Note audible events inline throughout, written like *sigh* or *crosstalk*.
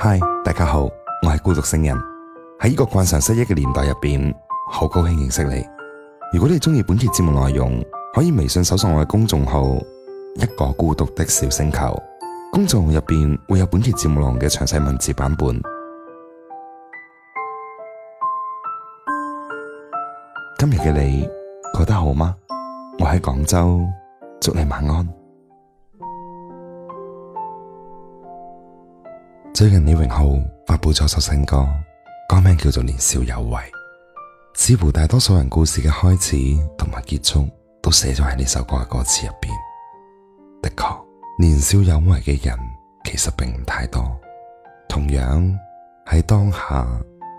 嗨，Hi, 大家好，我係孤獨星人。喺呢個慣常失憶嘅年代入邊，好高興認識你。如果你中意本期節目內容，可以微信搜索我嘅公眾號一個孤獨的小星球。公眾號入邊會有本期節目內容嘅詳細文字版本。今日嘅你覺得好嗎？我喺廣州，祝你晚安。最近李榮浩發佈咗首新歌，歌名叫做《年少有為》，似乎大多數人故事嘅開始同埋結束都寫咗喺呢首歌嘅歌詞入邊。的確，年少有為嘅人其實並唔太多。同樣喺當下，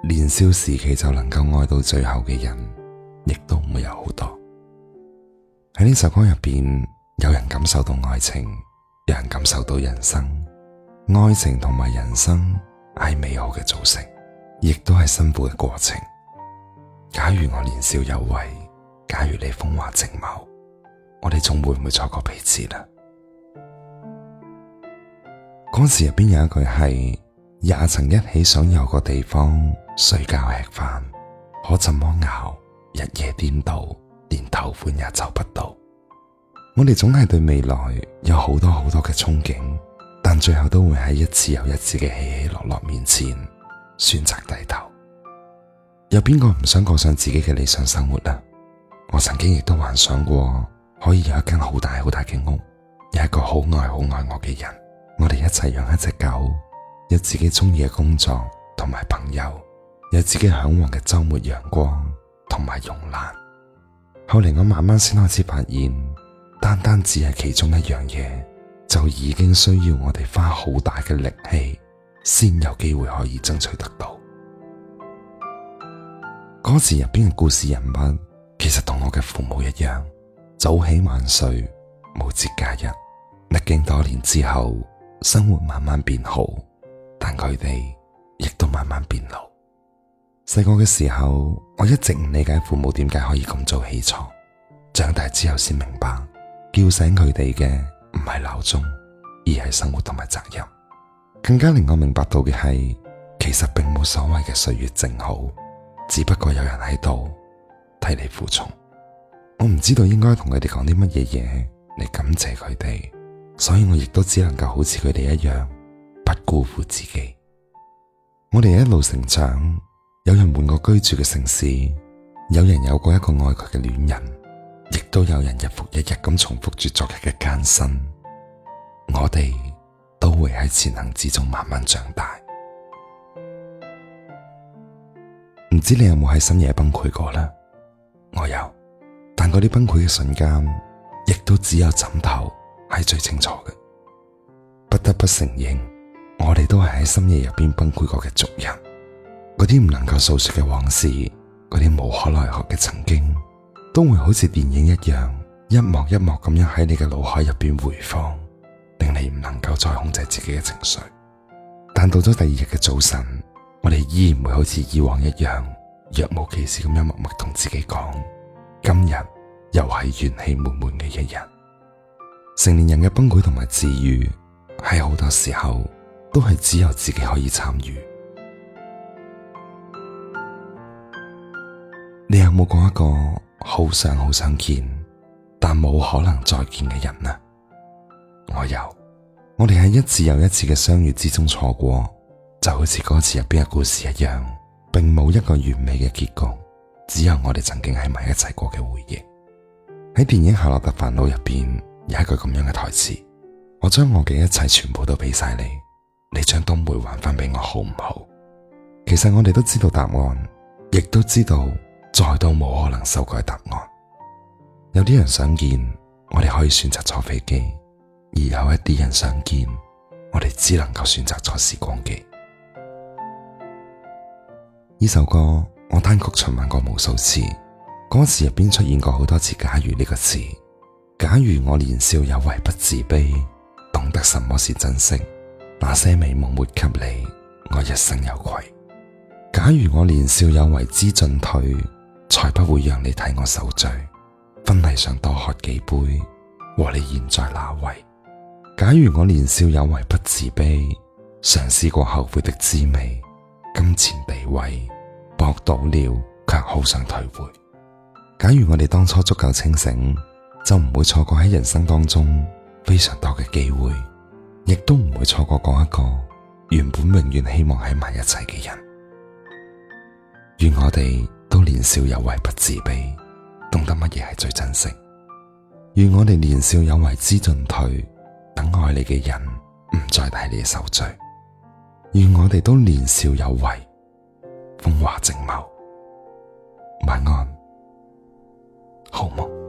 年少時期就能夠愛到最後嘅人，亦都唔會有好多。喺呢首歌入邊，有人感受到愛情，有人感受到人生。愛情同埋人生係美好嘅組成，亦都係辛苦嘅過程。假如我年少有為，假如你風華正茂，我哋仲會唔會錯過彼此啦？嗰 *music* 時入邊有一句係：也曾一起想有個地方睡覺吃飯，可怎麼熬？日夜顛倒，連頭款也找不到。我哋總係對未來有好多好多嘅憧憬。但最後都會喺一次又一次嘅起起落落面前選擇低頭。有邊個唔想過上自己嘅理想生活啊？我曾經亦都幻想過可以有一間好大好大嘅屋，有一個好愛好愛我嘅人，我哋一齊養一隻狗，有自己中意嘅工作同埋朋友，有自己嚮往嘅週末陽光同埋慵懶。後嚟我慢慢先開始發現，單單只係其中一樣嘢。就已經需要我哋花好大嘅力氣，先有機會可以爭取得到。歌詞入邊嘅故事人物，其實同我嘅父母一樣，早起晚睡，冇節假日。歷經多年之後，生活慢慢變好，但佢哋亦都慢慢變老。細個嘅時候，我一直唔理解父母點解可以咁早起床。長大之後先明白，叫醒佢哋嘅。唔係鬧鐘，而係生活同埋責任。更加令我明白到嘅係，其實並冇所謂嘅歲月靜好，只不過有人喺度替你負重。我唔知道應該同佢哋講啲乜嘢嘢嚟感謝佢哋，所以我亦都只能夠好似佢哋一樣，不辜負自己。我哋一路成長，有人換過居住嘅城市，有人有過一個愛佢嘅戀人。亦都有人日復一日咁重複住昨日嘅艱辛，我哋都會喺前行之中慢慢長大。唔知你有冇喺深夜崩潰過呢？我有，但嗰啲崩潰嘅瞬間，亦都只有枕頭係最清楚嘅。不得不承認，我哋都係喺深夜入邊崩潰過嘅俗人。嗰啲唔能夠訴說嘅往事，嗰啲無可奈何嘅曾經，都會好似電影一樣一幕一幕咁樣喺你嘅腦海入邊回放，令你唔能夠再控制自己嘅情緒。但到咗第二日嘅早晨，我哋依然會好似以往一樣若無其事咁樣默默同自己講：今日又係元氣滿滿嘅一日。成年人嘅崩潰同埋治癒，係好多時候都係只有自己可以參與。你有冇講一個？好想好想見，但冇可能再見嘅人啊！我有，我哋喺一次又一次嘅相遇之中錯過，就好似歌詞入邊嘅故事一樣，並冇一個完美嘅結局，只有我哋曾經喺埋一齊過嘅回憶。喺電影《夏洛特煩惱》入邊，有一句咁樣嘅台詞：我將我嘅一切全部都俾晒你，你將冬梅還翻俾我，好唔好？其實我哋都知道答案，亦都知道。再都冇可能修改答案。有啲人想見，我哋可以選擇坐飛機；而有一啲人想見，我哋只能夠選擇坐時光機。呢首歌我單曲循環過無數次，歌詞入邊出現過好多次。假如呢個詞，假如我年少有為不自卑，懂得什麼是珍惜，那些美夢沒給你，我一生有愧。假如我年少有為知進退。才不會讓你替我受罪。婚禮上多喝幾杯，和你現在那位？假如我年少有為不自卑，嘗試過後悔的滋味，金錢地位搏到了卻好想退回。假如我哋當初足夠清醒，就唔會錯過喺人生當中非常多嘅機會，亦都唔會錯過嗰一個原本永遠希望喺埋一齊嘅人。願我哋。年少有為不自卑，懂得乜嘢係最珍惜。願我哋年少有為之進退，等愛你嘅人唔再替你受罪。願我哋都年少有為，風華正茂。晚安，好夢。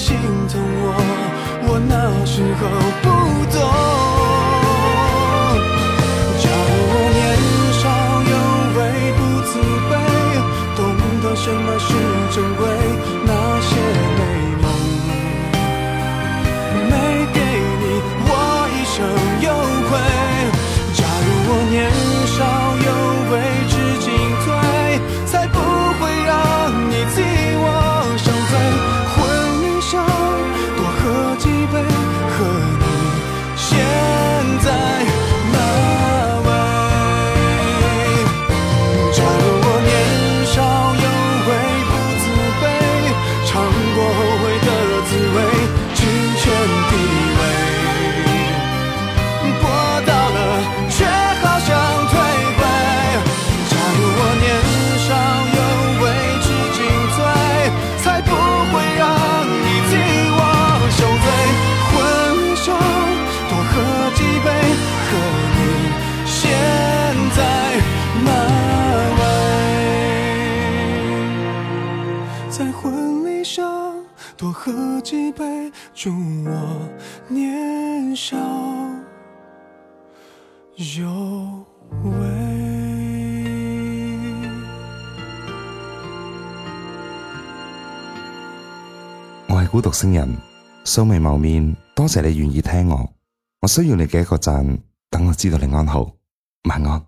心疼我，我那時候不我係孤獨星人，素未謀面，多謝你願意聽我。我需要你嘅一個讚，等我知道你安好，晚安。